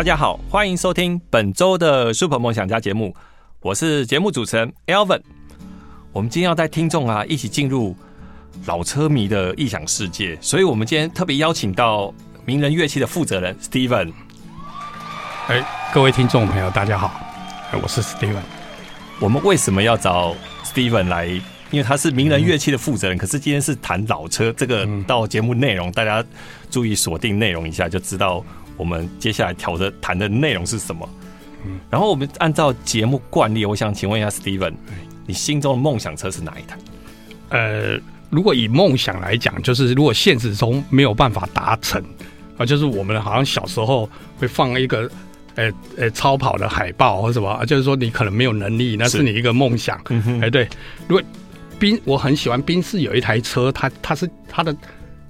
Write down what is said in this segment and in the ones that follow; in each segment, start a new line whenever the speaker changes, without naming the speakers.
大家好，歡迎收聽本周的《Super 夢想家》節目，我是節目主持人 Alven。我們今天要帶聽眾啊一起進入老車迷的異想世界，所以我們今天特別邀請到名人樂器的負責人 Steven。哎，各位聽眾朋友，大家好，哎，我是 Steven。我們為什麼要找 Steven 來？因為他是名人樂器的負責人、嗯。可是今天是談老車，這個到節目內容，大家注意鎖定內容一下，就知道。我們接下來調的談的內容是什麼？嗯，然後我們按照節目慣例，我想請問一下，Steven，你心中的夢想車是哪一台？
呃，如果以夢想來講，就是如果現實中沒有辦法達成啊，就是我們好像小時候會放一個，呃、欸、呃、欸，超跑的海報或什麼，就是說你可能沒有能力，那是你一個夢想，哎、嗯欸、對。如果賓，我很喜歡賓士有一台車，它它是它的。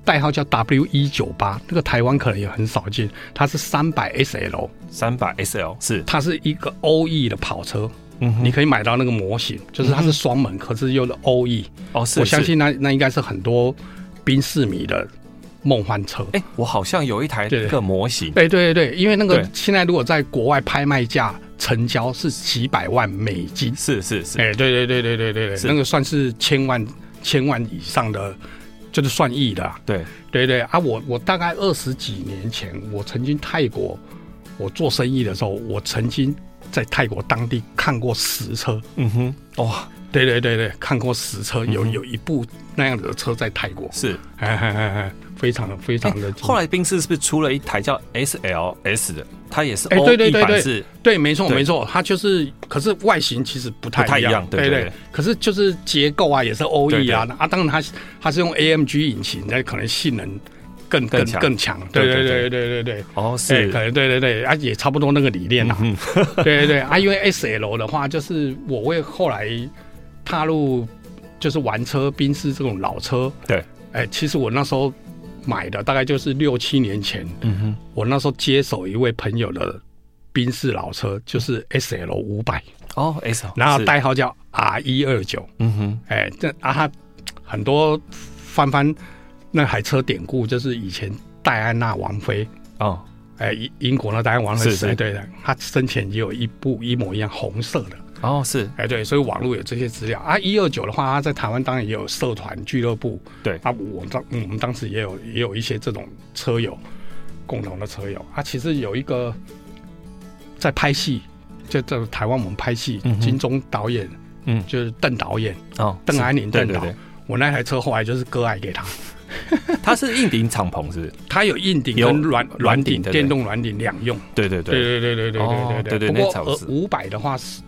代號叫 W198，那個台灣可能也很少見。它是三百 SL，三百 SL 是它是一個 OE 的跑車，嗯哼，你可以買到那個模型，就是它是雙門，嗯，可是用的是 OE 哦。哦是是，我相信那那應該是很多賓士迷的夢幻車。哎、欸，我好像有一台這個模型。哎，對對對，因為那個現在如果在國外拍賣價成交是幾百萬美金，是是是，哎、欸，對，對對對對對對，那個算是千萬千萬以上的。就是算億的，對對對啊！我我大概二十幾年前，我曾經泰國，我做生意的時候，我曾經在泰國當地看過實車，嗯哼，哦，對對對對，看過實車，嗯、有有一部那樣的車在泰國，是，哎哎哎哎。非常非常的、欸。後來賓士是
不是出了一台叫 SLS 的？它也是 O E，是？對，沒錯，沒錯，
它就是，可是外形其實不太一樣，對對，對，對，對對。可是就是結構啊，也是 O E 啊，那、啊、當然它它是用 A M G 引擎，那可能性能更更強更強，對對對對對對，對，對，對，對，對，對，對哦，是、欸，可能對對對，啊，也差不多那個理念吶、啊。嗯、 對對對，啊，因為 S L 的話，就是我會後來踏入就是玩車賓士這種老車，對，哎、欸，其實我那時候。買的大概就是六七年前，嗯哼，我那時候接手一位朋友的賓士老車，就是 S L 五百
哦，S L，然後代號
叫 R 一二九，嗯哼，哎，這啊，他很多翻翻那台車典故，就是以前戴安娜王妃哦，哎英英國的戴安娜王妃，是是對的，她生前也有一部一模一樣紅色的。哦，是，哎、欸，對，所以網絡有這些資料啊。一二九的話，他在台灣當然也有社團俱樂部。對，啊，我當、嗯、我們當時也有也有一些這種車友，共同的車友啊。其實有一個在拍戲，就在台灣我們拍戲、嗯，金鐘導演，嗯，就是鄧導演、嗯、哦，鄧安寧，鄧導對對對。我那台車後來就是割愛給他，
他 是硬頂敞篷是，是？
他有硬頂跟軟軟頂的電動軟頂兩用。對對對對對對對對對、哦、對，對，對，對，對。不過五百的話是。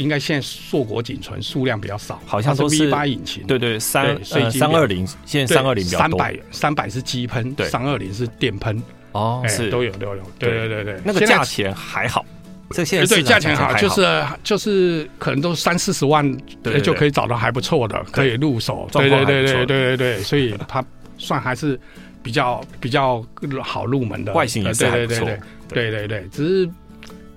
應該現在碩果僅存，數量比較少。好像是，是 V 八引擎，對
對，對，三呃三二零，320，現在三二零三百
三百是機噴，對三二零是電噴，哦，欸、是都有都有，對對對對。那個價錢還好，這些對價錢還好，就是就是可能都三四十萬對，對，對，對，對，對，就可以找到還不錯的，可以入手。對對對對對對，對，對，對，對，所以它算還是比較比較好入門的，外形也對對對對對對對，對對對對對對，只是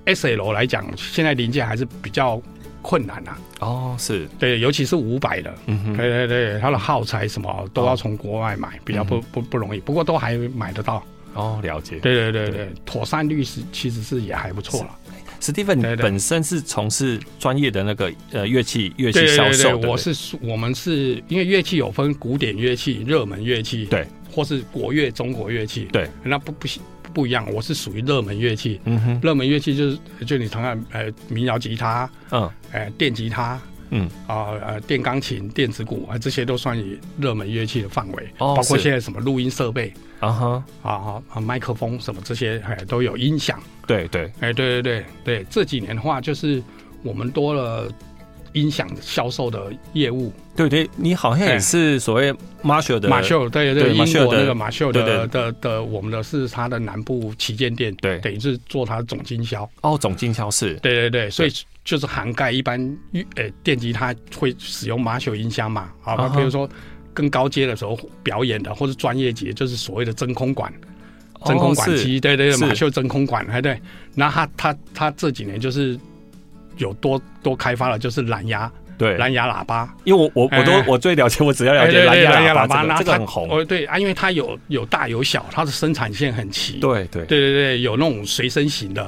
S L 來講，現在零件還是比較。困難吶、啊，哦，是對，尤其是五百的，嗯哼，對對對，它的耗材什麼都要從國外買，哦，比較不、嗯、不不，不容易，不過都還買得到。哦，了解，對對對對，對，妥善率是其實是也還不錯了，啊。Steven，你本
身是從事專業的那個呃樂器樂器銷售的，對對對對，我是
我們是因為樂器有分古典樂器、熱門樂器，對，或是國樂中國樂器，對，那不不不，不一樣，我是屬於熱門樂器，嗯哼，熱門樂器就是就你常愛呃民謠吉他，嗯。欸、電吉他，嗯啊，呃，電鋼琴、電子鼓啊，這些都算於熱門樂器的範圍，哦，包括現在什麼錄音設備、
uh -huh、
啊啊哈麥克風什麼這些，欸、都有音響。對對、欸，對對對對，這幾年的話，就是我們多了。音響銷售的業務，對對，你好像也是
所謂 Marshall 的 Marshall，Marshall，對對、對，英國那個 Marshall 的對對對
的的、的，我們的是他的南部旗艦店，對，等於是做他的總經銷。哦，總經銷是，對對對，所以就是涵蓋一般，呃，電吉他會使用 Marshall 音箱嘛，啊，好比如說更高階的時候表演的、uh-huh、或是專業級，就是所謂的真空管，
真空管機，哦、對對、對，Marshall
真空管，哎對、對，那後他他他、他這幾年就是。有多多開發了，就是藍牙，對，藍牙喇叭。因為我我我都、哎、我
最了解，我只要了解藍牙喇叭，這個很紅。
哦，對啊，因為它有有大有小，它的生產線很齊。對對對對對，有那種隨身型的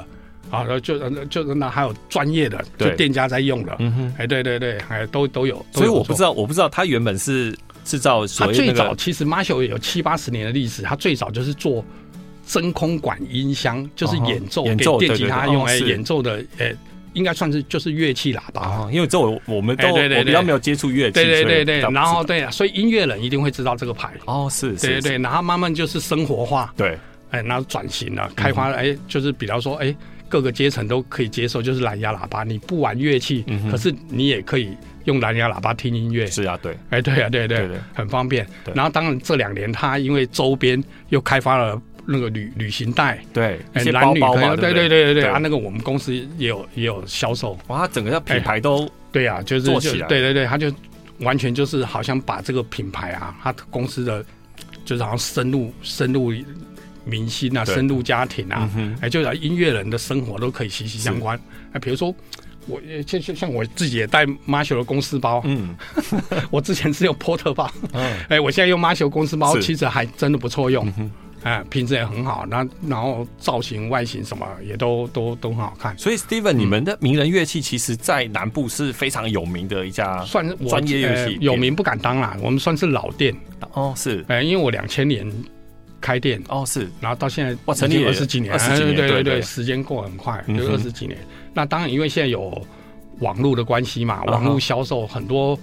啊，然後就就那還有專業的，就店家在用的。嗯哼，哎，對對對，還、哎、都都有。所以我不知道，
我不知道它原本是製造。它最早、那個、
其實 Marshall 有七八十年的歷史，它最早就是做真空管音箱，就是演奏、哦、演奏給電吉他用來、哦哎、演奏的，哎。應該算是就是樂器喇叭，嗯，因為這我我們都、欸、對對對，我比較沒有接觸樂器，對對對對，然後對啊，所以音樂人一定會知道這個牌哦，是是對、對、對，然後慢慢就是生活化，對，欸、然後轉型了，嗯，開發了哎，欸，就是比方說哎，欸，各個階層都可以接受，就是藍牙喇叭，你不玩樂器，嗯，可是你也可以用藍牙喇叭聽音樂，是啊，對，哎，欸啊啊啊，對啊，對對對，很方便。對對對，然後當然這兩年它因為周邊又開發了。那個旅旅行袋，對一些包包嘛、欸，對對對對對、對、對、對、對啊，那個我們公司也有也有銷售，哇，他整個品牌，都、欸、對呀、啊，就是做起來，就對對對，他就完全就是好像把這個品牌啊，他公司的就是好像深入深入明星啊、對，深入家庭啊，嗯、欸、就連音樂人的生活都可以息息相關。哎、欸，比如說我像、像、像我自己也帶 Marshall 的公司包，嗯， 我之前只有 Porter 包，嗯，哎、欸，我現在用 Marshall 公司包，其實還真的不錯用。嗯啊，品質也很好，那然，然後造型、外形什麼也都都都很好看。
所以，Steven，嗯、你們的名
人樂器，其實，在南部是非常有名的一家算是專業樂器。有名不敢當啦，我們算是老店。哦，是。哎、呃，因為我兩千年開店，哦，是。然後到現在成立二十幾年，二十幾年、啊，對對對，嗯、時間過很快，就二十幾年、嗯。那當然，因為現在有網絡的關係嘛，網絡銷售很多。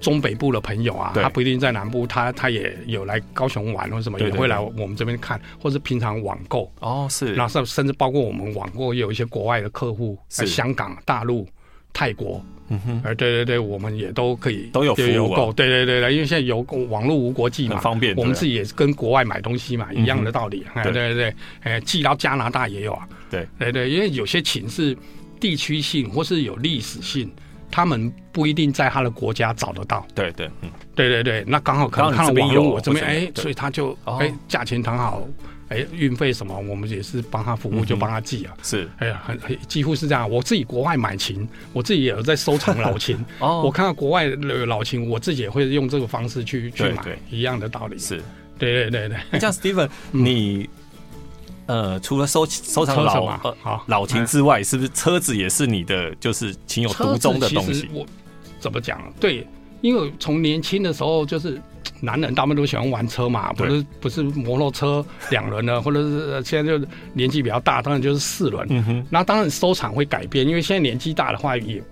中北部的朋友啊，他不一定在南部，他他也有來高雄玩或者什麼，也會來我們這邊看對對對，或是平常網購哦，是，然後甚至包括我們網購也有一些國外的客戶，在、呃、香港、大陸、泰國，嗯哼、呃，對對對，我們也都可以都有服務、啊、都有購，對對對對，因為現在有網絡無國際嘛，方便、啊，我們自己也是跟國外買東西嘛，一樣的道理，嗯呃、對對對，哎、呃，寄到加拿大也有啊，對對，對對，因為有些琴是地區性或是有歷史性。他們不一定在他的國家找得到，對對，嗯、對對對，那剛好可能看到他有網我這邊、哦、這邊哎，所以他就哎價錢談好，哎運費什麼，我們也是幫他服務，就幫他寄啊，嗯、是，哎呀，很很幾乎是這樣。我自己國外買琴，我自己也有在收藏老琴， 哦、我看到國外老老琴，我自己也會用這個方式去去買對對，一樣的道理，是，對對對對。
叫 Steven， 嗯、你。呃，除了收收藏老嘛、呃、老琴之外，嗯，是不是車子也是你的就是情有獨鍾的東西？我怎麼講？
對，因為從年輕的時候，就是男人大部分都喜歡玩車嘛，不是不是摩托車兩輪的， 或者是現在就年紀比較大，當然就是四輪。那、嗯、當然收藏會改變，因為現在年紀大的話也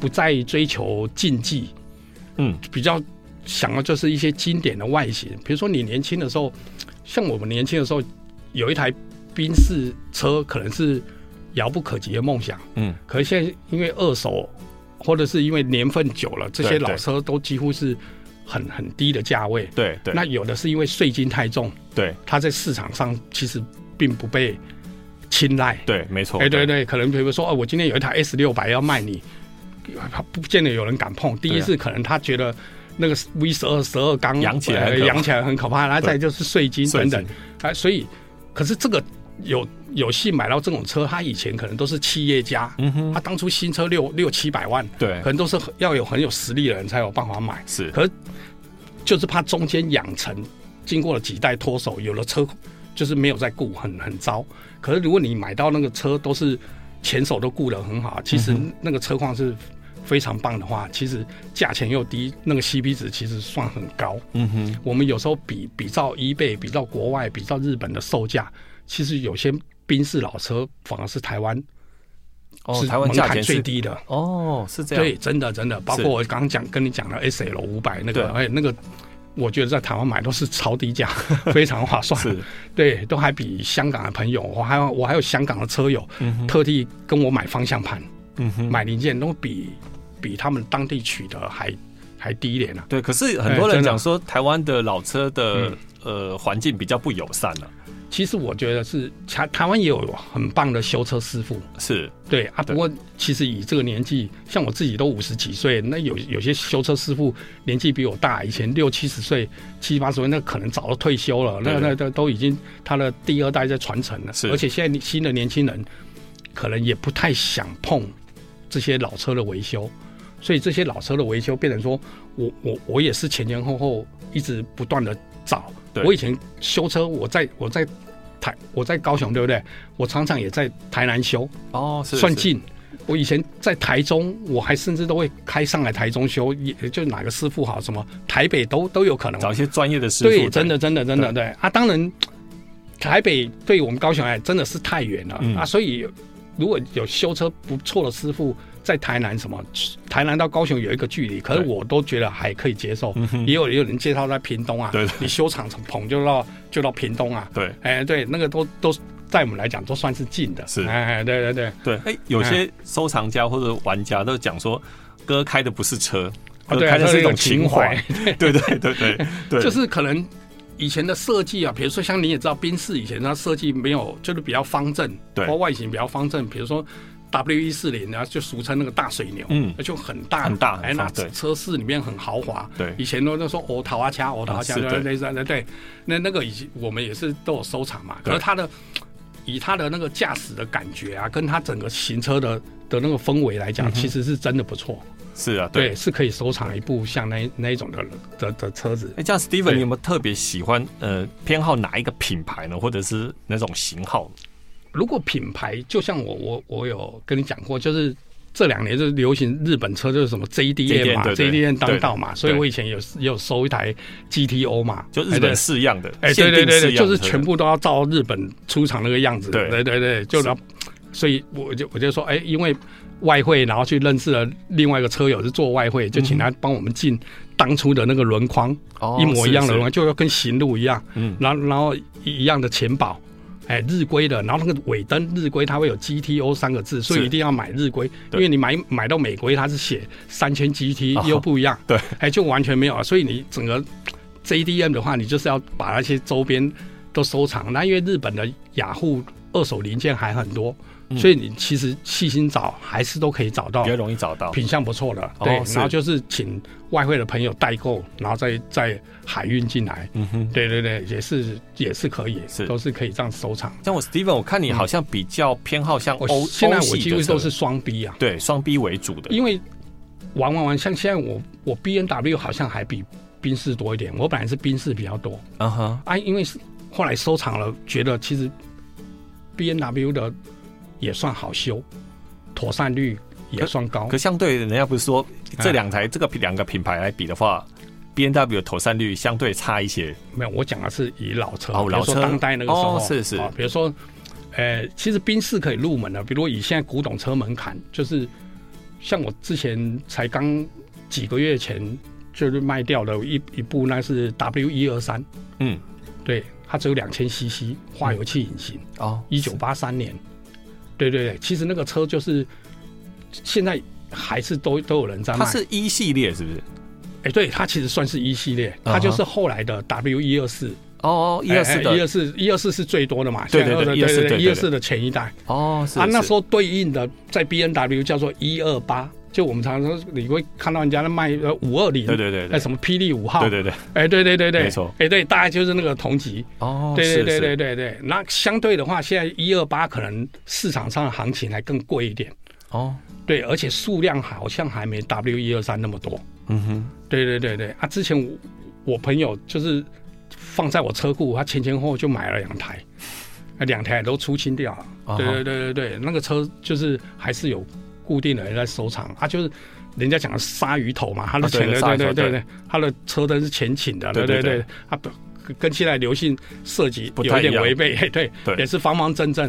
不再追求競技，嗯，比較想的就是一些經典的外形，比如說你年輕的時候，像我們年輕的時候有一台。賓士車可能是遙不可及的夢想，嗯，可是現在因為二手或者是因為年份久了，這些老車都幾乎是很很低的價位，對對。那有的是因為稅金太重，對，它在市場上其實並不被青睞，對，沒錯。哎、欸，對對，可能比如說哦、啊，我今天有一台 S 六百要賣你，不見得有人敢碰。第一是可能他覺得那個 V 十二十二缸，養起來養起來很可怕，呃、可怕然後再就是稅金等等，哎、呃，所以可是這個。有有幸買到這種車，他以前可能都是企業家，他、嗯、當初新車六六七百萬，對，可能都是要有很有實力的人才有辦法買，是。可是就是怕中間養成，經過了幾代脫手，有了車就是沒有再顧，很很糟。可是如果你買到那個車都是前手都顧得很好，其實那個車況是非常棒的話，嗯、其實價錢又低，那個 C P 值其實算很高，嗯哼。我們有時候比比較 eBay，比較國外，比較日本的售價，其實有些賓士老車反而是台灣，是台灣價錢最低的哦，哦，是這樣。對，真的真的，包括我剛剛講跟你講的 SL500 那個，哎、欸，那個我覺得在台灣買都是超低價，非常划算， 對，都還比香港的朋友，我還有我還有香港的車友，嗯、特地跟我買方向盤、嗯，買零件都比比他們當地取得還還低一點啊。對，可是很多人講說台灣的老
車的、嗯、呃環境比較不友善了、啊。
其實我覺得是台台灣也有很棒的修車師傅，是對啊。對，不過其實以這個年紀，像我自己都五十幾歲，那有有些修車師傅年紀比我大，以前六七十歲、七八十歲，那可能早都退休了。那那那都已經他的第二代在傳承了。是，而且現在新的年輕人可能也不太想碰這些老車的維修，所以這些老車的維修變成說，我我我也是前前後後一直不斷的找。我以前修車，我在我在台，我在高雄，對不對？我常常也在台南修哦，算近。我以前在台中，我還甚至都會開上來台中修，也就哪個師傅好，什麼台北
都都有可能找一些專業的師傅。對，對，真的，真的，真的，對
啊。當然，台北對我們高雄來講真的是太遠了啊，嗯。所以如果有修車不錯的師傅。在台南什麼？台南到高雄有一個距離，可是我都覺得還可以接受。也有人介紹在屏東啊，嗯、你修廠從棚就到就到屏東啊。對，哎、欸，對，那個都都在我們來講都算是近的。是，哎、欸，對對對對。哎、欸，有些收藏家或
者玩家都講說，哥、嗯、開的不是車，他開的是一種情懷，啊就是。對對對對。 就是
可能以前的設計啊，比如說像你也知道，賓士以前它設計沒有，就是比較方正，對外形比較方正。比如說。W 一四零啊，就俗稱那個大水牛，那，嗯、就很大，很大很，哎，那車室裡面很豪華。對，以前都都說哦，啊，黑頭仔車，哦，啊，黑頭仔車，對對對，那那個以及我們也是都有收藏嘛。可是它的以它的那個駕駛的感覺啊，跟它整個行車的的那個氛圍來講，嗯，其實是真的不錯。
是啊，對，對，是
可以收藏一部像那那一種的的的的車子。哎，
欸，這樣，Steven，你有沒有特別喜歡呃偏好哪一個品牌呢？或者是那種
型號？如果品牌就像我我我有跟你講過，就是這兩年就流行日本車，就是什麼 JDM 嘛 JDM, 對對對，JDM 當道嘛，所以我以前有有收一台 GTO 嘛，就日本式樣的，哎、欸對,對,對,欸、對對對，就是全部都要照日本出廠那個樣子，對對對,對，就然後。所以我就我就說，哎、欸，因為外匯，然後去認識了另外一個車友是做外匯，就請他幫我們進當初的那個輪框、哦，一模一樣的輪框是是，就要跟行路一樣，嗯，然後然後一樣的錢寶。哎，日規的，然後那個尾燈日規它會有 GTO 三個字，所以一定要買日規，因為你買買到美規它是寫三千 GT 又不一樣，對，哎、欸、就完全沒有啊，所以你整個 JDM 的話，你就是要把那些周邊都收藏，那因為日本的雅虎二手零件還很多。所以你其實細心找還是都可以找到，比較容易找到品相不錯的，哦、對。然後就是請外匯的朋友代購，然後再再海運進來。嗯哼，對對對，也是也是可以，是都是可以這樣收藏。像我 Steven，我看你好像比較偏好像哦、嗯，現在我幾乎都是雙 B 啊，對，雙 B 為主的。因為玩玩玩，像現在我我 BMW 好像還比賓士多一點，我本來是賓士比較多，uh -huh、啊哈，哎，因為是後來收藏了，覺得其實 BMW 的。也算好修，妥善率也算高。可，可
相對人家不是說這兩台、啊、這個兩個品牌來比的話，BMW 的妥善率相對差一些。
沒有，我講的是以老
車，哦、老車比如說當代那個時候，哦、是是、哦。比如
說，呃，其實賓士可以入門的。比如說以現在古董車門檻，就是像我之前才剛幾個月前就是賣掉了一一部，那是 W123。嗯，對，它只有兩千 CC，化油器引擎、嗯、哦。一九八三年。對對對，其實那個車就是現在還是都都有人在賣。它是 E 系列是不是？哎、欸，對，它其實算是 E 系列，uh -huh. 它就是後來的 W 一二四。哦哦，一二四的，一二四，一二四是最多的嘛？對對對對,對對，一二四的前一代。
哦，啊，那時
候對應的在 BMW 叫做一二八。就我們常常說，你會看到人家那賣呃五二零，對對對，那什麼霹靂五號，對對對，哎、欸、對對對對，沒錯，哎、欸、對，大概就是那個同級哦，對對對對對對，那相對的話，現在一二八可能市場上的行情還更貴一點哦，對，而且數量好像還沒 W 一二三那麼多，嗯
哼，
對對對對，啊，之前我朋友就是放在我車庫，他前前後就買了兩台，兩台都出清掉了，對、哦、對對對對，那個車就是還是有。固定的在收藏，啊，就是人家講的鯊魚頭嘛，它的前、啊、對對，的車燈是前傾的，對對對，對對對對對對對啊、跟現在流行設計有點違背，對對，也是方方正正，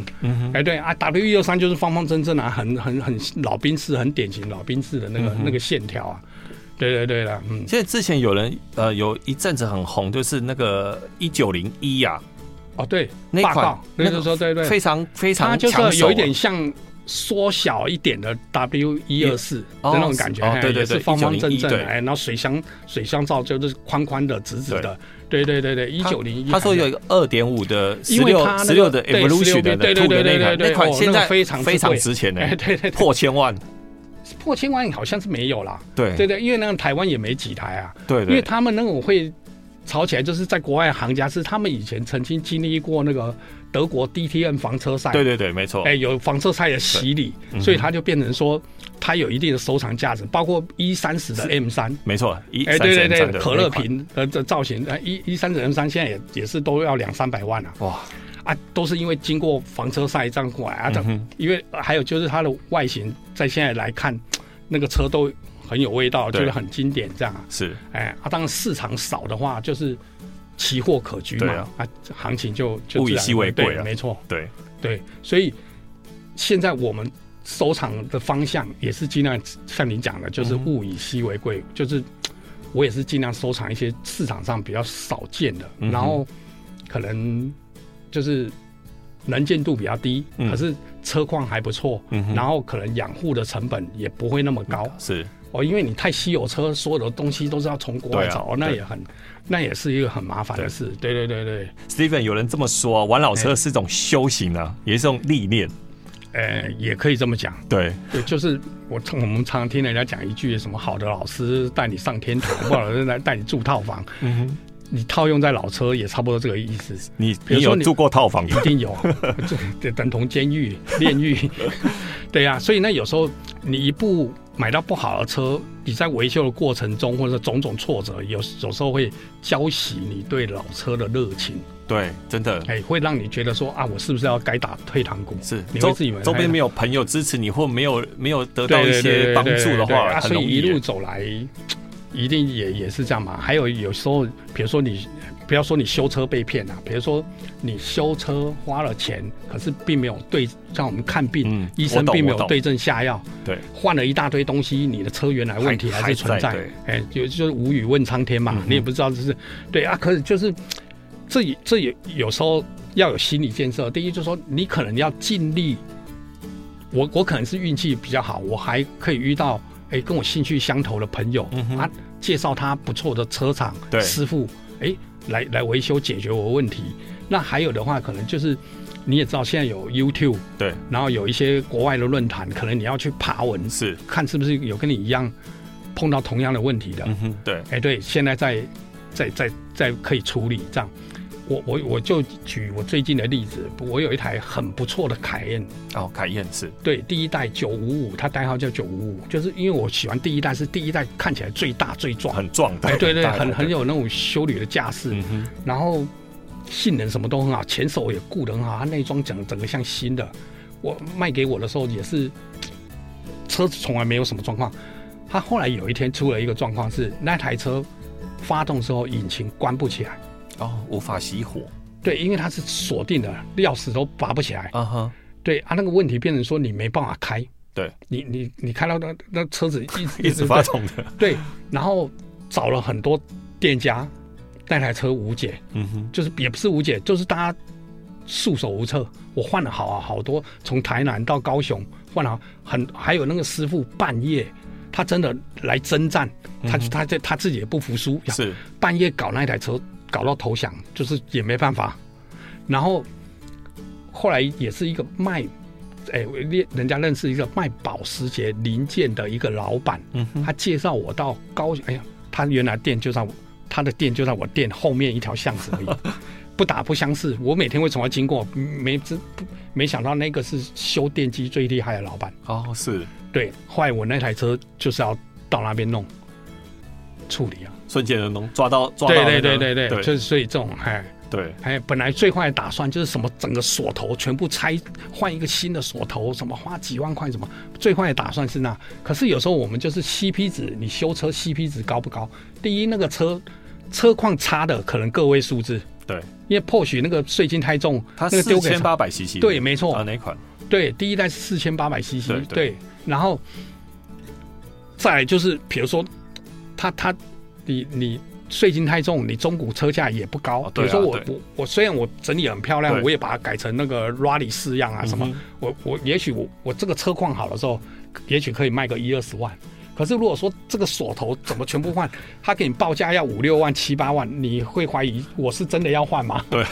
哎對、嗯、對啊，W 幺二三就是方方正正啊，很很很老兵式，很典型老兵式的那個、嗯、那個線條啊，
對對對了，嗯，其實之前有人呃有一陣子很紅，就是那個一九零一呀，哦對，那一款那個說對對，非、那、常、個、非常，它、啊、就是有一點
像。縮小一點的 W 一二四的那種感覺，哦哦、對對對，方方正正哎，然後水箱水箱罩就是寬寬的、直直的對，對對對對，一九零一，他說有一個二點五的十六十六的 M 六的對對款，那款現在非常、欸哦、在非常值錢的、欸，哎、對，對對，破千萬，破千萬好像是沒有啦，對對，對對，因為那個台灣也沒幾台啊，對，對，對，因為他們那種會。炒起來就是在國外的行家是，他們以前曾經經歷過那個德國 DTM 房車賽，對對對，沒錯，哎、欸，有房車賽的洗禮、嗯，所以它就變成說，它有一定的收藏價值，包括 E30 的 M3，
沒錯，E30M3，欸、對對對對，E30 的可樂瓶
的造型，E30 M3 現在也也是都要兩三百萬了、啊，哇，啊，都是因為經過房車賽這樣過來啊等、嗯，因為還有就是它的外形，在現在來看，那個車都。很有味道，就是很經典，這樣是，哎，啊，當然市場少的話，就是奇貨可居嘛，啊，啊，行情就就物以稀為貴，沒錯，對對，所以現在我們收藏的方向也是盡量像您講的，就是物以稀為貴，就是我也是盡量收藏一些市場上比較少見的，嗯、然後可能就是能見度比較低，嗯、可是車況還不錯、嗯，然後可能養護的成本也不會那麼高，嗯、是。哦，因為你太稀有車，所有的東西都是要從國外找，啊，那也很，那也是一個很麻煩的事。
對對對對，Steven，有人這麼說，玩老車是一種修行啊，欸、也是一種歷練。呃、欸，也可以這麼講，對，
對就是我從我們常，常聽人家講一句，什麼好的老師帶你上天堂，不好老師來帶你住套房。 你套用在老車也差不多這個意思。你，你，你有住過套房？一定有，這等同監獄、煉獄。 對呀、啊，所以那有時候你一部。買到不好的車，你在維修的過程中，或者種種挫折，有有時候會澆熄你對老車的熱情。對，真的。哎、欸，會讓你覺得說啊，我是不是要該打退堂鼓？是，周自以為周邊沒
有朋友支持你，或沒有沒有得到一些幫助的話，對對對對對對對對，所以一
路走來，一定也也是這樣嘛。還有有時候，比如說你。不要說你修車被騙了、啊，比如說你修車花了錢，可是並沒有對，像我們看病，嗯、醫生並沒有對症下藥，對，換了一大堆東西，你的車原來問題還是存在。哎、有、欸、就是無語問蒼天嘛、嗯，你也不知道就是對啊。可是就是這這也有時候要有心理建設。第一，就是說你可能要盡力，我我可能是運氣比較好，我還可以遇到哎、欸、跟我興趣相投的朋友，他、嗯啊、介紹他不錯的車廠師傅，哎、欸。來來維修解決我問題，那還有的話可能就是，你也知道現在有 YouTube，對，然後有一些國外的論壇，可能你要去爬文，是看是不是有跟你一樣碰到同樣的問題的，嗯哼，對，哎、欸、對，現在在在在在可以處理這樣。我我我就舉我最近的例子，我有一台很不錯的凱宴哦，凱宴是，對，第一代九五五，它代號叫九五五，就是因為我喜歡第一代，是第一代看起來最大最壯，很壯大、欸、對對，很很，很有那種休旅的架勢、嗯，然後性能什麼都很好，前手也顧得很好，內裝整整個像新的。我賣給我的時候也是，車子從來沒有什麼狀況。他後來有一天出了一個狀況，是那台車發動的時候引擎關不起來。哦，無法熄火。對，因為它是鎖定的，鑰匙都拔不起來。嗯哼。對，啊，那個問題變成說你沒辦法開。對。你你你看到那那車子一直一直 一直發抖的。對，然後找了很多店家，那台車無解。嗯哼。就是也不是無解，就是大家束手無策。我換了好、啊、好多，從台南到高雄換了很，還有那個師傅半夜他真的來征戰，嗯、他他他他自己也不服輸，是半夜搞那台車。搞到投降，就是也沒辦法。然後後來也是一個賣，哎、欸，人家認識一個賣保時捷零件的一個老板、嗯，他介紹我到高，哎、欸、呀，他原來店就在我，他的店就在我店後面一條巷子裡， 不打不相識。我每天會從那經過，沒這沒想到那個是修電機最厲害的老板。哦，是對，後來我那台車就是要到那邊弄處理啊。
瞬間能抓到抓到對對對對對,對，就是
所以這種哎，對哎，本來最壞的打算就是什麼，整個鎖頭全部拆換一個新的鎖頭，什麼花幾萬塊，什麼最壞的打算是那。可是有時候我們就是 C P 值，你修車 C P 值高不高？第一，那個車車況差的可能個位數字，對，因為 Porsche 那個稅金太重，它、那個四千八百 CC，對，沒錯啊，哪款？對，第一代是四千八百 CC，對，然後，再就是比如說它它。你你稅金太重，你中古車價也不高，哦啊。比如說我、啊、我我雖然我整理很漂亮，我也把它改成那個 Rally 式樣啊什麼。嗯、我我也許我我這個車況好的時候，也許可以賣個一二十萬。可是如果說這個鎖頭怎麼全部換， 他給你報價要五六萬七八萬，你會懷疑我是真的要換嗎？
對、
啊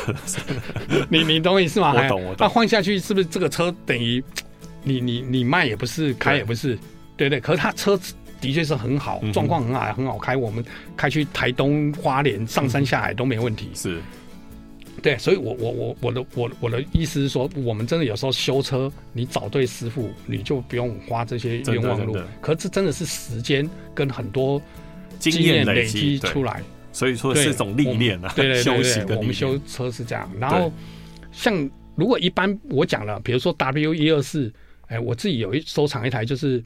你，你懂你懂我意思嗎？我懂我懂。 那換下去是不是這個車等於你你你，你賣也不是，開也不是？對對，對，可是他車子。的確是很好，狀況很好，嗯，很好開。我們開去台東、花蓮、上山下海都沒問題。是，對，所以我，我我我我的我我的意思是說，我們真的有時候修車，你找對師傅，你就不用花這些冤枉路。可是這真的是時間跟很多經驗累積出來。所以說是一種歷練啊對，對對對，對，對休息。我們修車是這樣，然後像如果一般我講了，比如說 W 一二四，哎，我自己有一收藏一台，就是。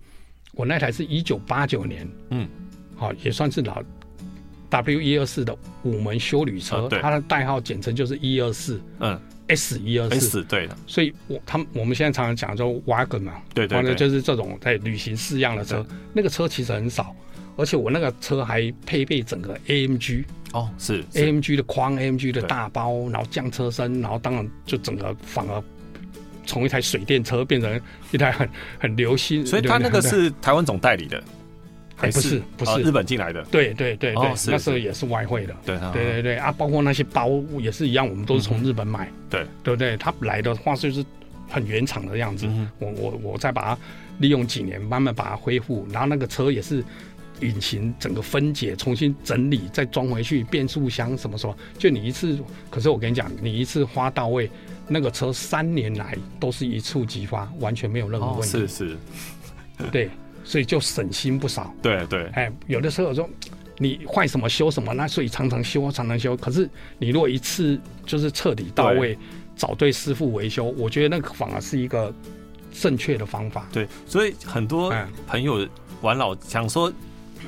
我那台是一九八九年，嗯，好、哦，也算是老 W 一二四的五門休旅車，嗯，對，它的代號簡稱就是一二四，嗯，S 一二四，對的。所以我他們我們現在常常講說 Wagon 嘛，Wagon 對對對，就是這種在旅行式樣的車，對對對，那個車其實很少，而且我那個車還配備整個 AMG 哦，是，是 AMG 的框，AMG 的大包，然後降車身，然後當然就整個反而。從一台水電車變成一台很很流行，所以它那個是台灣總代理的，還是、欸、不是，不是、呃、日本進來的？對對對，對，對、哦、那時候也是外匯的，對對對啊，包括那些包也是一樣，我們都是從日本買，嗯、對對不對？它來的話就是很原廠的樣子，我我我再把它利用幾年，慢慢把它恢復，然後那個車也是引擎整個分解重新整理再裝回去，變速箱什麼什麼，就你一次。可是我跟你講，你一次花到位。那個車三年來都是一觸即發，完全沒有任何問題。哦、是是， 對，所以就省心不少。
對對，哎、欸，
有的時候我說你壞什麼修什麼，那所以常常修，常常修。可是你如果一次就是徹底到位，對，找對師傅維修，我覺得那個反而是一個正確的方法。
對，所以很多朋友、嗯、玩老想說，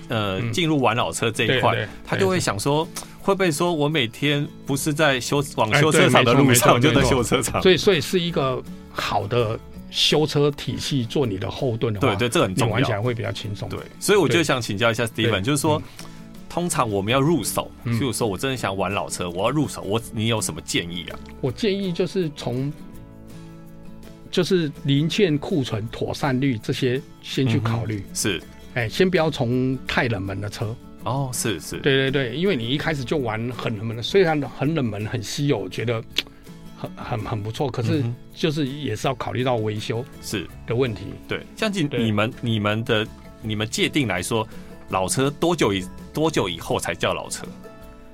呃、嗯，進入玩老車這一塊，對對對，他就會想說，會不會說，我每天不是在修往修車廠的路上，就在修車廠，欸。所以，所以
是一個好的修車體系做你的後盾，的話。對對，對，這個很重要，玩起來會比較輕鬆。對，
所以我就想請教一下 Steven，就是說，通常我們要入手，就是、嗯、譬如說我真的想玩老車，我要入手，我你有什麼建議啊？
我建議就是從就是零件庫存、妥善率這些先去考慮，嗯。是，哎、欸，先不要從太冷門的車。
哦，是是，對
對對，因為你一開始就玩很冷門，雖然很冷門，很稀有，我覺得很很很不錯，可是就是也是要考慮到維修是的問題。對，像你們你們的
你們界定來說，老車多久以多久以後才叫老車？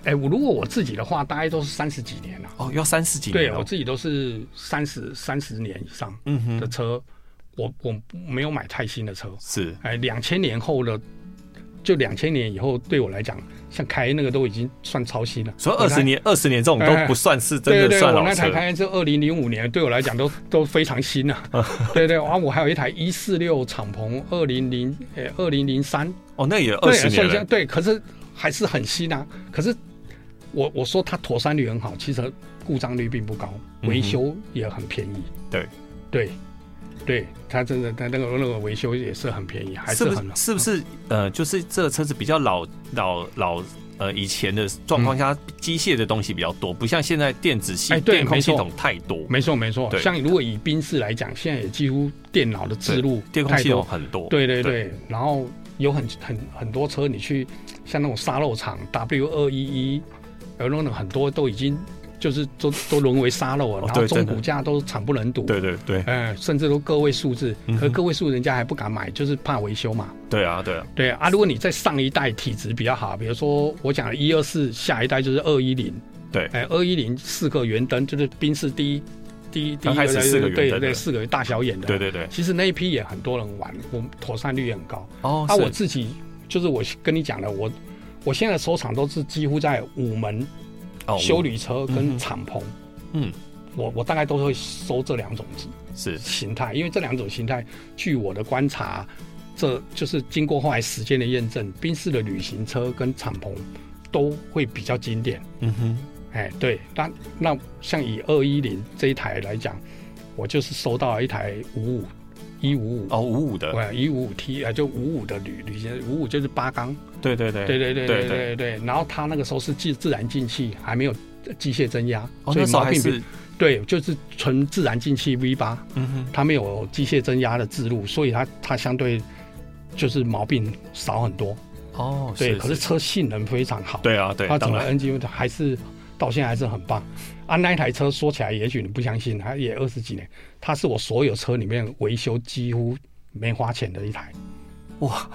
哎、欸，我如果我自己的話，大概都是三十幾年了。哦，要三十幾年？對，我自己都是三十三十年以上嗯的車，嗯、哼我我沒有買太新的車。是，哎、欸，兩千年後的。就兩千年以後，對我來講，像開那個都已經算超新了。所以二十年、二十年這種都不算是真的算老車。欸、對對對，我那台開是二零零五年，對我來講都 都非常新了。對對，然後我還有一台一四六敞篷200、欸，二零零誒，二零零三哦，那也二十年了對，對，可是還是很新啊。可是我我說它妥善率很好，其實故障率並不高，維修也很便宜。對、嗯嗯、對。對對，它真的，它那個那個維修也是很便宜，還是
很是不是，是不是？呃，就是這個車子比較老老老呃以前的狀況下，機械的東西比較多，不像現在電子系、欸、電控系統太多。
沒錯沒錯，像如果以賓士來講，現在也幾乎電腦的置入，電控系統很多。對對對，對然後有很很很，很多車，你去像那種沙漏廠 W 二一一，有很多都已經。就是都都淪為沙漏了，哦、然後中骨架都慘不忍睹。對對對，哎、呃，甚至都個位數字，嗯、可是個位數人家還不敢買，就是怕維修嘛。對啊，對啊。啊對啊，如果你在上一代體質比較好，比如說我講的一二四，下一代就是二一零。對。哎，二一零四個圓燈就是賓士第一第一第一個對對四個大小眼的。對對對、對、對、對。其實那一批也很多人玩，我妥善率也很高。哦。那、啊、我自己就是我跟你講的，我我現在收藏都是幾乎在五門。
休旅車跟
敞篷，哦、嗯、嗯，我我大概都會收這兩種是形態，因為這兩種形態，據我的觀察，這就是經過後來時間的驗證，賓士的旅行車跟敞篷都會比較經典。嗯哼，哎、欸，對，那那像以二一零這一台來講，我就是收到了一台五五，一五五哦，五五的，一五五 T 啊，E55T，就五五的旅旅行，五五就是八缸，對對對，對對對對對對對對對。然後它那個時候是自自然進氣，還沒有機械增壓，哦、所以毛病比、哦是。對，就是純自然進氣 V 八、嗯哼，它沒有機械增壓的介入，所以它它相對就是毛病少很多。哦是是，對，可是車性能非常好。對啊，對，它整個 NGU 還是到現在還是很棒啊！那一台車說起來，也許你不相信，它也二十幾年，它是我所有車裡面維修幾乎沒花錢的一台。哇，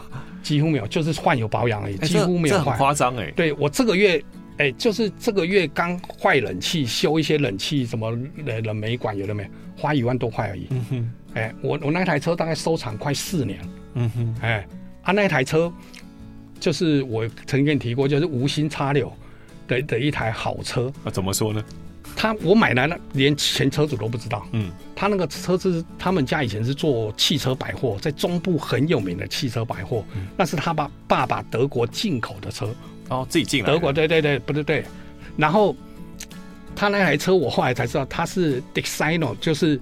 幾乎沒有，就是換油保養而已，欸，幾乎沒有換，誇張哎。對，我這個月哎，欸，就是這個月剛壞冷氣，修一些冷氣什麼冷媒管，有了沒有？花一萬多塊而已。嗯哼，哎，欸，我我那台車大概收藏快四年。嗯哼，哎，欸，啊那台車就是我曾經跟你提過，就是無心插柳的，的一台好車啊？怎麼說呢？他我買來了那，連前車主都不知道。嗯，他那個車子，他們家以前是做汽車百貨，在中部很有名的汽車百貨，嗯。那是他爸爸爸德國進口的車，哦，自己進的。德國對對對，不對對。然後他那台車，我後來才知道，它是 Designo，就是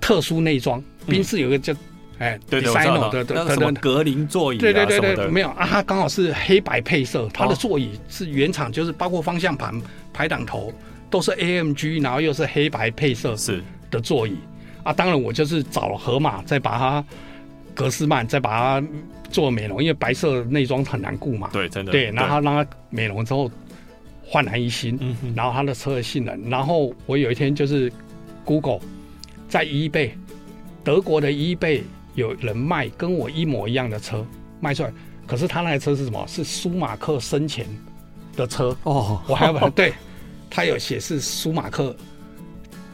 特殊內裝。賓士有一個叫。嗯哎、欸，對對對，的那個、什麼格林座
椅啊？對對對對，沒有
啊，它剛好是黑白配色，它、嗯、的座椅是原廠，就是包括方向盤、排檔頭都是 AMG，然後又是黑白配色是的座椅啊。當然，我就是找了河馬，再把它格斯曼，再把它做美容，因為白色內裝很難顧嘛。對，
真的。對，然後他
讓它美容之後煥然一新。嗯哼。然後它的車的性能，然後我有一天就是 Google 在 eBay 德國的 eBay 有人賣跟我一模一樣的車賣出來，可是他那台車是什麼？是舒馬克生前的車哦，我還要問、哦。對，他有寫是舒馬克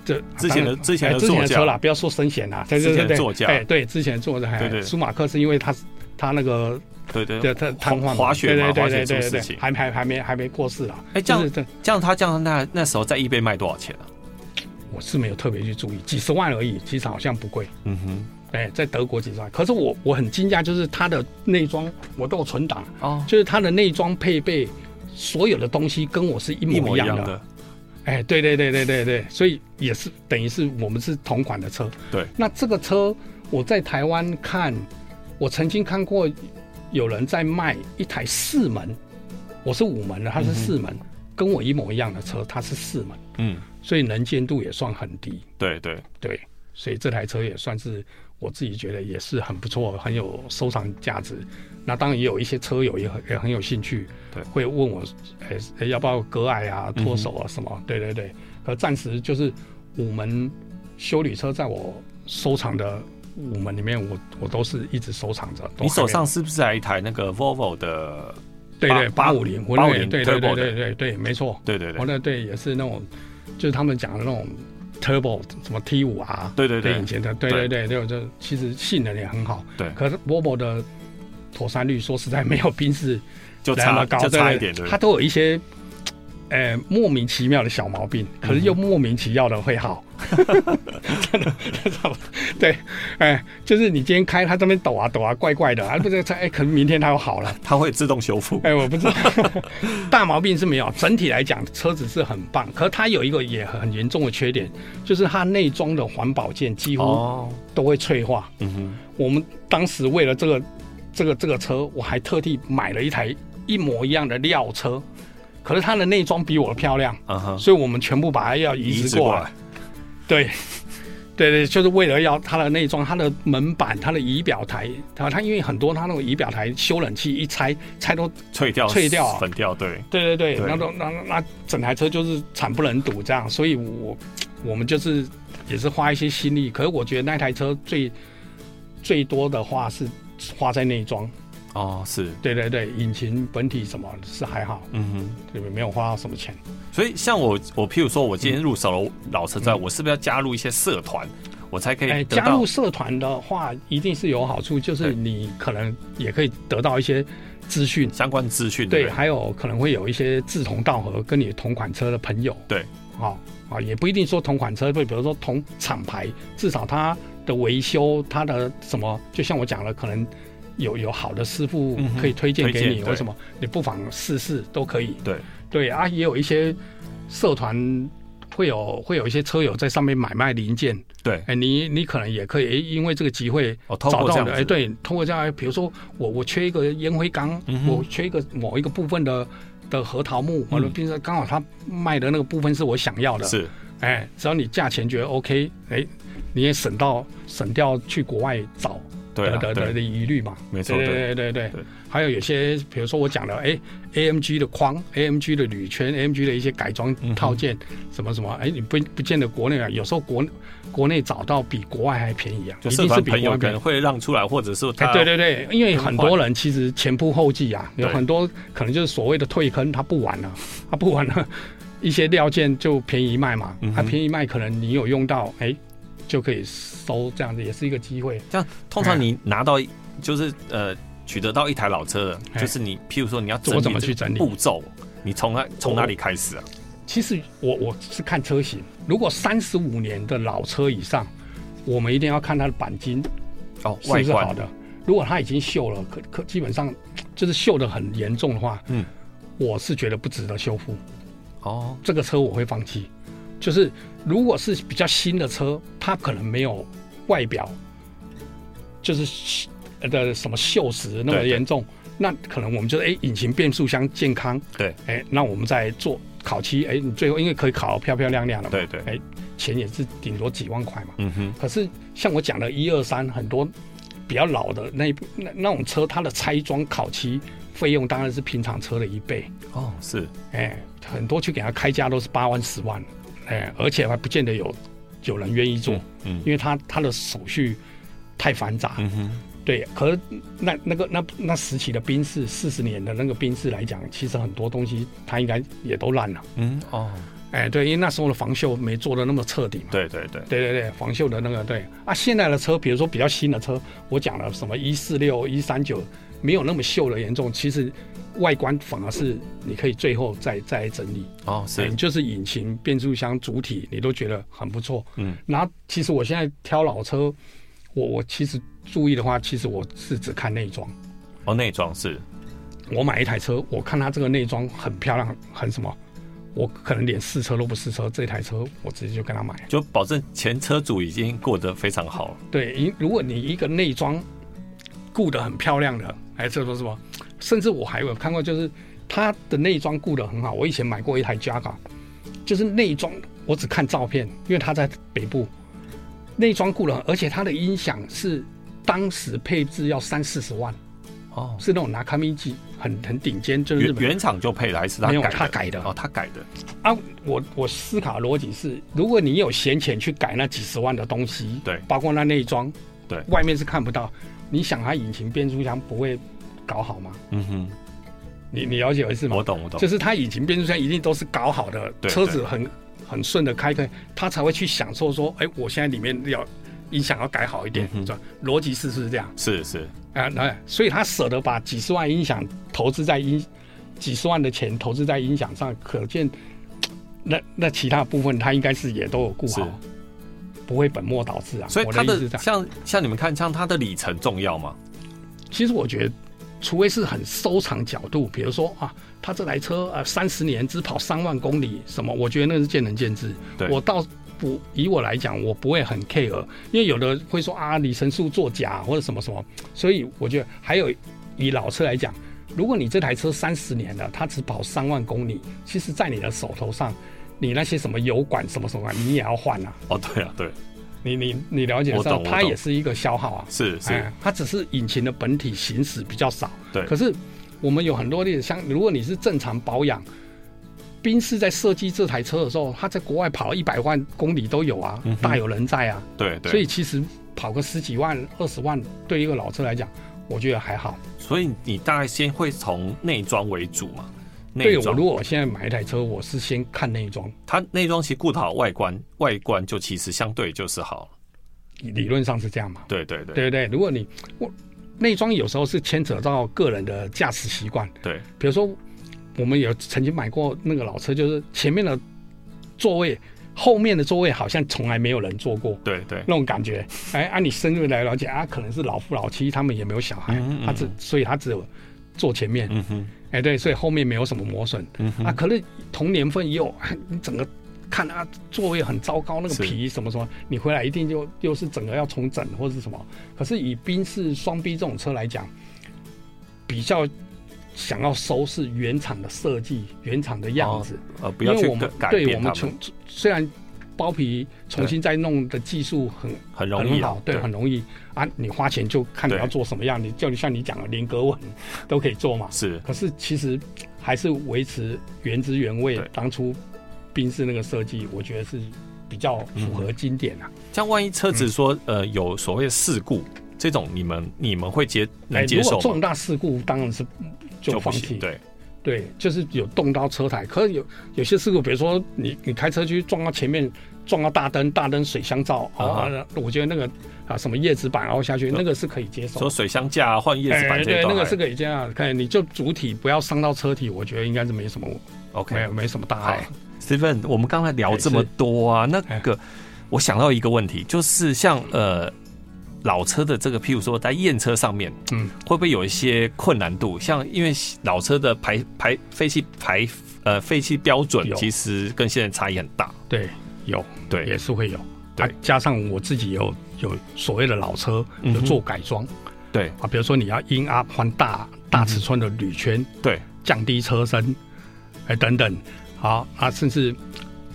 的之前的、啊、之前，的之，前的、欸、之前的車啦，不要說生前啦、對對對、欸，之前的座駕，對對，之前的座駕，對對。舒馬克是因為他他那個對對對，他滑雪滑雪對對對對還還沒還沒，還沒過世啊。哎、欸，這樣、
就是、這，這樣他這樣那那時候在易貝賣多少錢啊？
我是沒有特別去注意，幾十萬而已，其實好像不貴。嗯哼。哎、欸，在德國幾十萬，可是我我很驚訝、哦，就是它的內裝我都有存檔啊，就是它的內裝配備所有的東西跟我是一模一樣的。哎，對、欸、對對對對對，所以也是等於是我們是同款的車。對，那這個車我在台灣看，我曾經看過有人在賣一台四門，我是五門的，他是四門、嗯，跟我一模一樣的車，他是四門。嗯，所以能見度也算很低。對對對，所以這台車也算是。我自己覺得也是很不錯，很有收藏價值。那當然也有一些車友也很也很有興趣，對，會問我，呃、欸欸，要不要割愛啊、脫手啊什麼、嗯？對對對。可暫時就是五門休旅車，在我收藏的五門裡面，我我都是一直收藏着。你手上
是不是還有一台那個 Volvo 的？對，對對，八五零，八五零，對對對對對對，沒錯。對對對，對，我、哦、那
對也是那種，就是他們講的那種。Turbo 什麼 T 五啊，對對對，引擎的，對對對，就就其實性能也很好，對。可是 Volvo 的妥善率說實在沒有賓士，就差那麼高，就差一點，對，對，對。它都有一些。欸、莫名其妙的小毛病，可是又莫名其妙的會好，嗯、 真的太巧了。 對，哎、欸，就是你今天開它這邊抖啊抖啊，怪怪的，哎、啊欸，可能明天它又好了，它會自動修復。哎、欸，我不知道，大毛病是沒有，整體來講車子是很棒，可是它有一個也很嚴重的缺點，就是它內裝的環保件幾乎都會脆化，哦。嗯哼，我們當時為了這個這個這個車，我還特地買了一台一模一樣的料車。可是它的內裝比我漂亮，uh -huh, 所以我們全部把它要移植過，移植過來。對，對，對對，就是為了要它的內裝，它的門板，它的儀表台，它它因為很多它那種儀表台修冷氣一拆，拆都脆掉脆掉，喔，粉
掉，對對對對，對那種
那那整台車就是慘不忍睹這樣。所以我我們就是也是花一些心力，可是我覺得那台車最最多的話是花在內裝。哦，是對對對，引擎本體什麼是還好，嗯哼，對不對？沒有花到什麼錢。
所以像我，我譬如說，我今天入手了、嗯、老車車，我是不是要加入一些社團，嗯、我才可以、哎？加入
社團的話，一定是有好處，就是你可能也可以得到一些資訊，相關資訊對，對，還有可能會有一些志同道合、跟你同款車的朋友。對，啊、哦、啊，也不一定說同款車，就比如說同廠牌，至少它的維修，它的什麼，就像我講的，可能。有有好的師傅可以推薦給你，為、嗯、什麼？你不妨試試，都可以。對對啊，也有一些社團會有會有一些車友在上面買賣零件。對，哎、欸，你你可能也可以、欸、因為這個機會找到的。哎、哦欸，對，通過這樣，比如說我我缺一個煙灰缸、嗯，我缺一個某一個部分的的核桃木，嗯、或者比如說剛好他賣的那個部分是我想要的，是。哎、欸，只要你價錢覺得 OK，哎、欸，你也省到省掉去國外找。得得的疑慮嘛，沒錯，對對對對，對，對。還有有些，比如說我講了，哎、欸，AMG 的框，AMG 的鋁圈，AMG 的一些改裝套件、嗯，什麼什麼，哎、欸，你不不見得國內啊，有時候國國內找到比國外還便宜啊，就是朋友可能會
讓出來，或者是、欸、對對對，因為很多人
其實前仆後繼啊，有很多可能就是所謂的退坑他、啊，他不玩了，他不玩了，一些料件就便宜賣嘛，嗯、他便宜賣，可能你有用到，哎、欸，就可以。都這樣子也是一個機會。像通常你
拿到、嗯、就是呃取得到一台老車的，嗯、就是你譬如說你要做我怎麼去整理步驟？你從哪從哪裡開始
啊？其實我我是看車型，如果三十五年的老車以上，我們一定要看它的鈑金哦是是好的。如果它已經鏽了，可可基本上就是鏽得很嚴重的話，嗯，我是覺得不值得修復哦，這個車我會放棄。就是如果是比較新的車，它可能沒有外表就是的什麼鏽蝕那麼嚴重，對對對，那可能我們就，得、欸、哎，引擎變速箱健康，對，哎、欸，那我們再做烤漆，哎、欸，你最後因為可以烤的漂漂亮亮的嘛，對對，對，哎、欸，錢也是頂多幾萬塊嘛，嗯哼。可是像我講的一二三，很多比較老的那那那種車，它的拆裝烤漆費用當然是平常車的一倍哦，是，哎、欸，很多去給他開價都是八萬十萬。10萬哎、欸，而且還不見得有有人願意做嗯，嗯，因為他他的手續太繁雜，嗯哼，對。可是那那個那那時期的賓士，四十年的那個賓士來講，其實很多東西他應該也都爛了，嗯哦，哎、欸、對，因為那時候的防鏽沒做的那麼徹底嘛，對對對，對對對，防鏽的那個對啊，現在的車，比如說比較新的車，我講了什麼一四六一三九，沒有那麼鏽的嚴重，其實。外觀反而是你可以最後再再整理哦，是、欸，就是引擎、變速箱、主體你都覺得很不錯，嗯，那其實我現在挑老車，我我其實注意的話，其實我是只看內裝
哦，內裝是，
我買一台車，我看它這個內裝很漂亮，很什麼，我可能連試車都不試車，這台車我直接就跟他買，
就保證前車主已經過得非常好
對，對，如果你一個內裝顧得很漂亮的，還、欸、是說什麼？甚至我還有看過，就是它的內裝顧得很好。我以前買過一台 Jaga，就是內裝我只看照片，因為它在北部，內裝顧得很好，而且它的音響是當時配置要三四十萬哦，是那種 Nakamichi，很很頂尖，就是原廠就配的還是他改的沒有，他改的哦，他改的啊。我我思考的邏輯是，如果你有閒錢去改那幾十萬的東西，對，包括那內裝，對，外面是看不到。你想它引擎變速箱不會？搞好嗎？嗯哼，你你了解我意思嗎？我懂我懂，就是他以前變速箱一定都是搞好的，對車子很對很順的開開，他才會去享受說，哎、欸，我現在裡面要音響要改好一點，邏、嗯、輯是邏輯，是是這樣？是是啊啊，所以他捨得把幾十萬音響投資在音，幾十萬的錢投資在音響上，可見，那那其他部分他應該是也都有顧好，不會本末倒置啊。所以他的，
我的像像你們看，像他的里程重要嗎？
其實我覺得。除非是很收藏角度，比如說啊，他這台車啊三十年只跑三萬公里，什麼？我覺得那是見仁見智。對。我倒不，以我來講，我不會很 care，因為有的會說啊，里程數作假或者什麼什麼，所以我覺得還有以老車來講，如果你這台車三十年了，它只跑三萬公里，其實在你的手頭上，你那些什麼油管什麼什麼，你也要換啊。哦，對啊，對。你你你了解的時候，它也是一個消耗啊，是是、哎，它只是引擎的本體行駛比較少。對，可是我們有很多例子，像如果你是正常保養，賓士在設計這台車的時候，他在國外跑一百萬公里都有啊，嗯、大有人在啊對。對，所以其實跑個十幾萬、二十萬，對一個老車來講，我覺得還好。所以
你大概先會從內裝為主嘛？對我，如果我
現在買一台車，我是先看內裝。
它內裝其實顧得好，外觀外觀就其實相對就是好。
理論上是這樣嘛？
對對對對，
對對。如果你我內裝有時候是牽扯到個人的駕駛習慣。對。比如說，我們有曾經買過那個老車，就是前面的座位、後面的座位好像從來沒有人坐過。對，對對，那種感覺。哎，按、啊、你深入來了解啊，可能是老夫老妻，他們也沒有小孩，嗯嗯他只所以他只有坐前面。嗯哼。哎、欸，對，所以後面沒有什麼磨損，嗯，啊，可是同年份也有，你整個看它，啊、座位很糟糕，那個皮什麼什麼，你回來一定就又是整個要重整或者是什麼。可是以賓士雙 B 這種車來講，比較想要收拾原廠的設計、原廠的樣子，哦，呃，不要去改變他們。因為我們，對我們從雖然。包皮重新再弄的技術很很容易、啊很好對對，對，很容易啊！你花錢就看你要做什麼樣，你就像你講的，菱格紋都可以做嘛。是，可是其實還是維持原汁原味當初賓士那個設計，我覺得是比較符合經典的、啊嗯。像萬一車子
說、嗯、呃有所謂的事故這種，你們你們會接來接受、欸、重
大事故，當然是就放棄對。對，就是有動到車台，可是有有些事故，比如說你你開車去撞到前面，撞到大燈，大燈水箱罩、uh -huh. 啊，我覺得那個啊什麼葉子板凹下去、uh -huh. 那 hey,，那個是可以接受。說
水箱架換葉子板接受，對對，那個是可
以這樣。可以，你就主體不要傷到車體，我覺得應該是沒什麼。OK，沒沒什麼大礙。Hey.
Steven，我們剛才聊這麼多啊，hey, 那個、hey. 我想到一個問題，就是像呃。老車的這個，譬如說在驗車上面，嗯，會不會有一些困難度？像因為老車的排排廢氣排，排呃廢氣標準，其實跟現在差異很大。對，有對，也是會有
對。啊，加上我自己有有所謂的老車，有做改裝、嗯。對啊，比如說你要 in up 啊，換大大尺寸的鋁圈、嗯，對，降低車身，哎、欸、等等。好啊，甚至。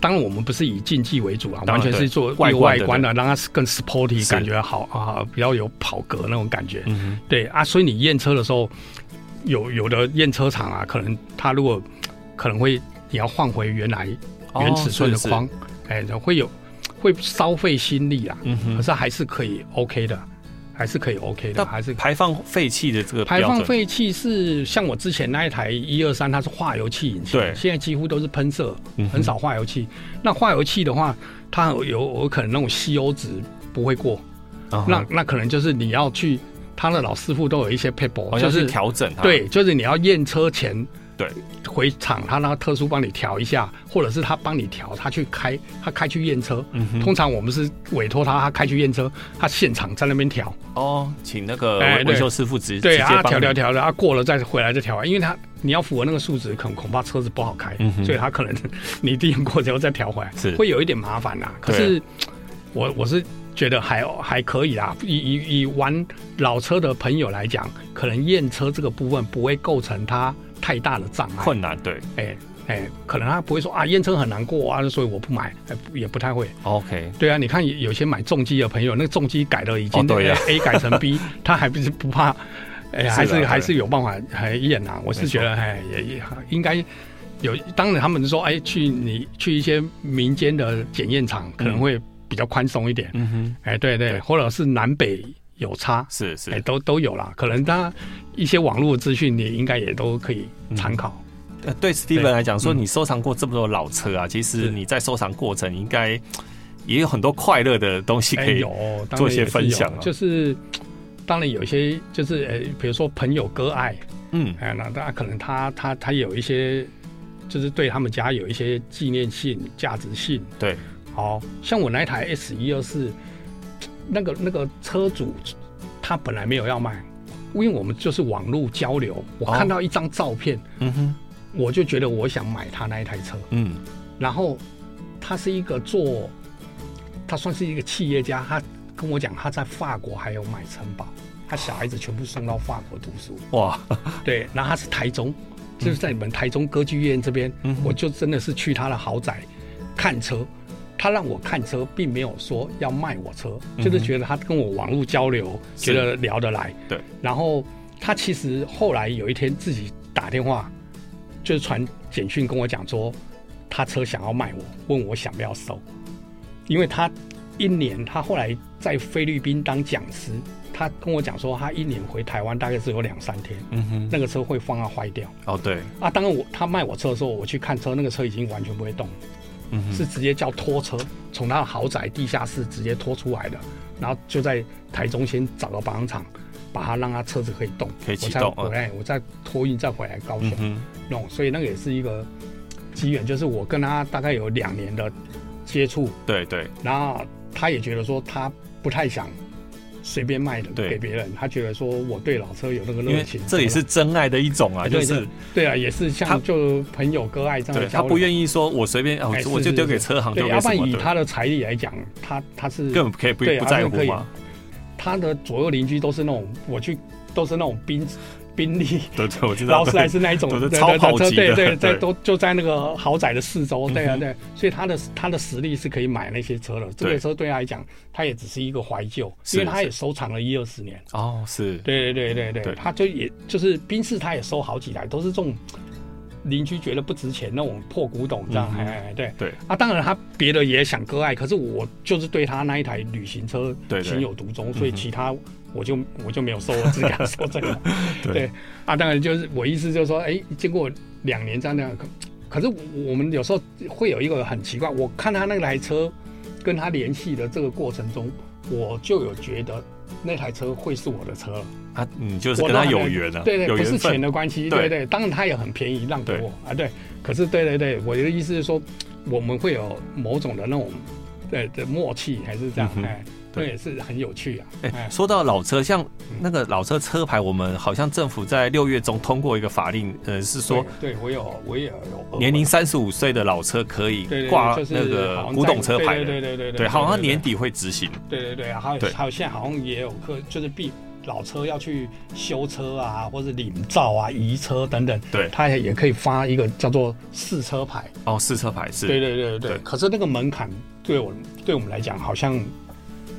當然，我們不是以競技為主啊，完全是做外觀的外觀對對，讓它更 sporty，感覺好啊，比較有跑格那種感覺。嗯、對啊，所以你驗車的時候，有有的驗車廠啊，可能他如果可能會你要換回原來原尺寸的框，哎、哦欸，會有會稍費心力啦。嗯，可是還是可以 OK 的。還是可以 OK 的，還是
排放廢氣的這個排放廢
氣是像我之前那一台一二三，它是化油器引擎，對，現在幾乎都是噴射、嗯，很少化油器。那化油器的話，它有有可能那種吸油值不會過，啊、那那可能就是你要去他的老師傅都有一些 paper，、哦、就是調整，對，就是你要驗車前。對，回廠他那個特殊幫你調一下，或者是他幫你調，他去開，他開去驗車，嗯。通常我們是委託他，他開去驗車，他現場在那邊調。
哦，請那個維修師傅、欸、對直接對調調調的，他、啊
啊、過了再回來再調，因為他你要符合那個數值，恐恐怕車子不好開，嗯，所以他可能你定過之後再調回來，是會有一點麻煩吶。可是我我是覺得還還可以啦。以以以玩老車的朋友來講，可能驗車這個部分不會構成他太大的障礙困難對，哎、欸、哎、欸，可能他不會說啊，驗車很難過啊，所以我不買、欸，也不太會。OK，對啊，你看有些買重機的朋友，那重機改的已經對 A 改成 B，、oh, 他還不是不怕，哎、欸，還是,是還是有辦法還驗啊。我是覺得哎也、欸、應該有，當然他們就說哎、欸、去你去一些民間的檢驗廠可能會比較寬鬆一點，嗯哼，哎、欸、對對,對,對，或者是南北。有差是是、欸，哎，都都有啦。可能他一些網絡資訊，你應該也都可以參考。呃、嗯、對，Steven 來講，說你收藏過這麼多老
車啊，嗯、其實你在收藏過程應該也有很多快樂的東西可以、欸、有當有做一些分享、哦。就
是當然有些就是呃、欸，比如說朋友割愛，嗯、欸，哎，那大家可能他他他有一些就是對他們家有一些紀念性、價值性。對好，好像我那台 S 一二是。那個那個車主，他本來沒有要賣，因為我們就是網絡交流，我看到一張照片，哦，嗯哼，我就覺得我想買他那一台車，嗯，然後他是一個做，他算是一個企業家，他跟我講他在法國還有買城堡，他小孩子全部送到法國讀書，哇，對，然後他是台中，就是在你們台中歌劇院這邊，嗯，我就真的是去他的豪宅看車。他讓我看車，並沒有說要賣我車，嗯、就是覺得他跟我網絡交流，覺得聊得來。對。然後他其實後來有一天自己打電話，就是傳簡訊跟我講說，他車想要賣我，問我想不要收。因為他一年他後來在菲律賓當講師，他跟我講說他一年回台灣大概只有兩三天，嗯哼，那個車會放他壞掉。哦，對。啊，當然我他賣我車的時候，我去看車，那個車已經完全不會動。是直接叫拖車從他的豪宅地下室直接拖出來的，然後就在台中先找個保養廠，把他讓他車子可以動，可以啟動。我再托運再回來高雄，嗯，no，所以那個也是一個機緣，就是我跟他大概有兩年的接觸，對對，然後他也覺得說他不太想。隨便賣的給，給別人。他覺得說我對老車有那個熱情，這也是
真愛的一種啊，就是
對啊、哎，也是像就朋友割愛這樣他對。他不
願意說我、哎是是是，我隨便，我我就丟給車行對。阿伯以他的
財力來講，他他是根本可以不對，可以不在乎嘛。他的左右鄰居都是那種，我去都是那種賓。賓利，對對，我知道。勞斯萊斯那一種，對，超跑車，對對，在都就在那個豪宅的四周，對啊，、嗯、對，啊對，所以他的他的實力是可以買那些車的。這個車對他來講，他也只是一個懷舊，因為他也收藏了一二十年。哦，是。對對對對對，他、嗯、就也就是賓士，他也收好幾台，都是這種鄰居覺得不值錢那種破古董這樣。哎、嗯、哎，對對。啊，當然他別的也想割愛，可是我就是對他那一台旅行車情有獨鍾對對，所以其他。嗯我就我就沒有收、啊，我只敢說這個。 對啊，當然就是我意思就是說，哎、欸，經過兩年這樣，可可是我們有時候會有一個很奇怪，我看他那台車，跟他聯繫的這個過程中，我就有覺得那台車會是我的車
啊！你就是跟他有緣啊？對對，對，不是錢的關係，對，對對。當
然他也很便宜，讓給我啊對。可是對對對，我的意思就是說，我們會有某種的那種對的默契，還是這樣哎。嗯對，對，是很有趣啊！哎、欸，說
到老車，像那個老車車牌，我們好像政府在六月中通過一個法令，呃，是說，
對我有，我也有，
年齡三十五歲的老車可以掛那個古董車牌對對對對，對，對對對對，對，好像年底會執行。對對對，還有，現在
好像好像也有客，就是必老車要去修車啊，或者領照啊、移車等等，對，他也也可以發一個叫做試車牌。哦，試車牌是。對對對對，對，對。可是那個門檻對我對我們來講，好像。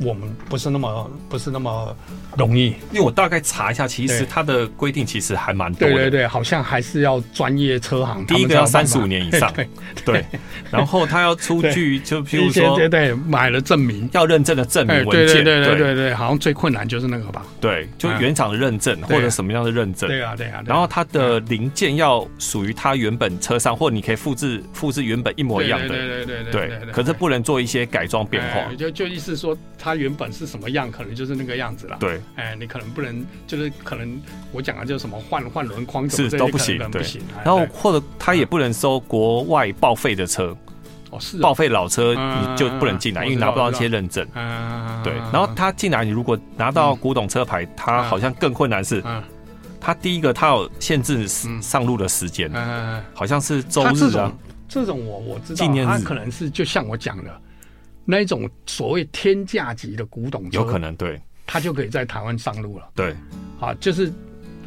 我們不是那麼不是那麼
容易，因為我大概查一下，其實它的規定其實還蠻
多，對對對，好像還是要專業車行。第一個要三十五年以上對對對。對，然後他要出具，就譬如說，對,對,對，買了證明，要認證的證明文件。對對對對,對好像最困難就是那個吧？
對，就原廠認證、嗯、或者什麼樣的認證？對,對啊對啊,對啊。然後它的零件要屬於它原本車上，或你可以複制複制原本一模一樣的。對對對對,對,對,對,對,對,對,對,對。可是不能做一些改裝變化。
就就意思說。它原本是什麼樣，可能就是那個樣子了。對，哎、欸，你可能不能，就是可能我講的就是什麼換換輪框是都不行，不行，
對，然後或者他也不能收國外報廢的車、嗯。哦，是、喔、報廢老車你就不能進來、嗯嗯，因為拿不到一些認證、嗯嗯嗯。對，然後他進來，你如果拿到古董車牌，嗯嗯、他好像更困難是嗯。嗯。他第一個，他有限制上路的時間、嗯嗯嗯，好像是周日。的這種這
種，這種我我知道今，他可能是就像我講的。那一種所謂天價級的古董車，有可能對，它就可以在台灣上路了。對，啊，就是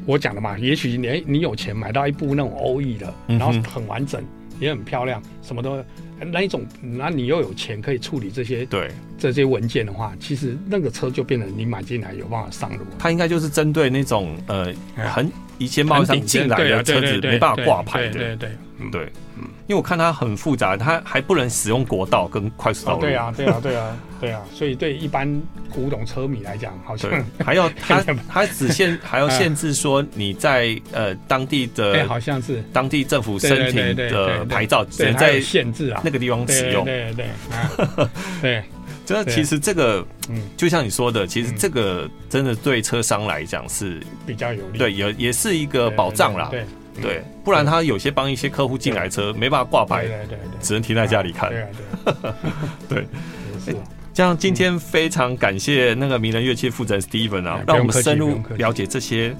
我講的嘛。也許你你有錢買到一部那種歐 E 的，然後很完整，嗯、也很漂亮，什麼的。那一種，那你又有錢可以處理這些對這些文件的話，其實那個車就變成你買進來有辦法上路。
它應該就是針對那種呃，很以前市上進來的車子沒辦法掛牌，對對對，對對對，嗯。對因為我看它很複雜，它還不能使用國道跟快速道路。哦。對啊，對啊，
對啊，對啊，所以對一般古董車迷來講，好像還要它
它 只限還要限制說你在呃當地的，欸、好像是當地政府申請的牌照，只能在限制啊那個地方使用。對對，對，哈對。這、啊、 其實這個，嗯，就像你說的，其實這個真的對車商來講是比較有利，對，也也是一個保障啦。對對對對對，不然他有些幫一些客戶進來車，嗯、沒辦法掛牌，對對對對，只能停在家裡看。啊、對、啊對，啊對，啊、 對，哈哈，對、欸。這樣今天非常感謝那個名人樂器負責人 Steven 啊、嗯，讓我們深入了解這些，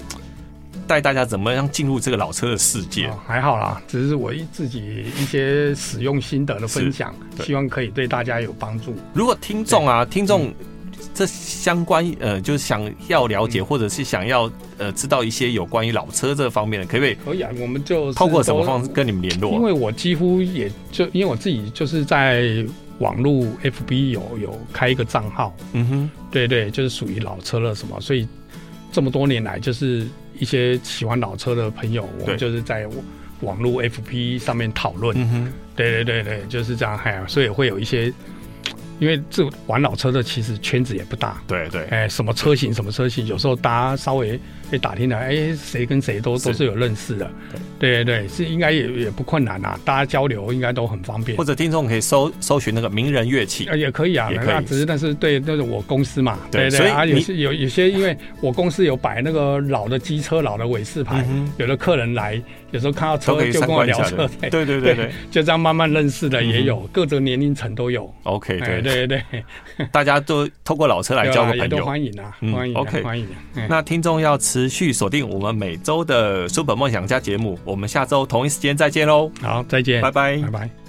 帶大家怎麼樣進入這個老車的世界。
還好啦，只是我一自己一些使用心得的分享， 希望可以對大家有幫助。
如果聽眾啊，聽眾、嗯。這相關呃，就是想要了解、嗯，或者是想要呃，知道一些有關於老車這方面的，可不可以？
可以啊，我們就透過什麼方式
跟你們聯絡？因
為我幾乎也就因為我自己就是在網路 FB 有有開一個賬號，嗯哼，對對，就是屬於老車了什麼，所以這麼多年來，就是一些喜歡老車的朋友，我們就是在網路 FB 上面討論，嗯哼，對對對對，就是這樣，嗨呀，所以會有一些。因為這玩老車的其實圈子也不大，對對，哎，什麼車型什麼車型，有時候大家稍微。可、欸、以打聽的，哎、欸，誰跟誰都都是有認識的，對,對對對，是應該也也不困難吶、啊，大家交流應該都很方便。或者聽眾可以搜搜尋那個名人樂器，啊，也可以啊，那、啊、只是但是對，那是我公司嘛，對對,對,對啊，有些有有些，因為我公司有擺那個老的機車、老的偉士牌、嗯，有的客人來，有時候看到車就跟我聊車，對對對對,對,對，就這樣慢慢認識的也有，嗯、各種年齡層都有。OK，、欸、對對對，大家都透過老車來交流、交個朋友，啊、都歡迎啊，歡、嗯、迎，OK，歡迎、啊 okay, 嗯。
那聽眾要吃。持續鎖定我們每週的 Super 夢想家節目，我們下周同一時間再見嘍！好，再見，拜拜，拜拜。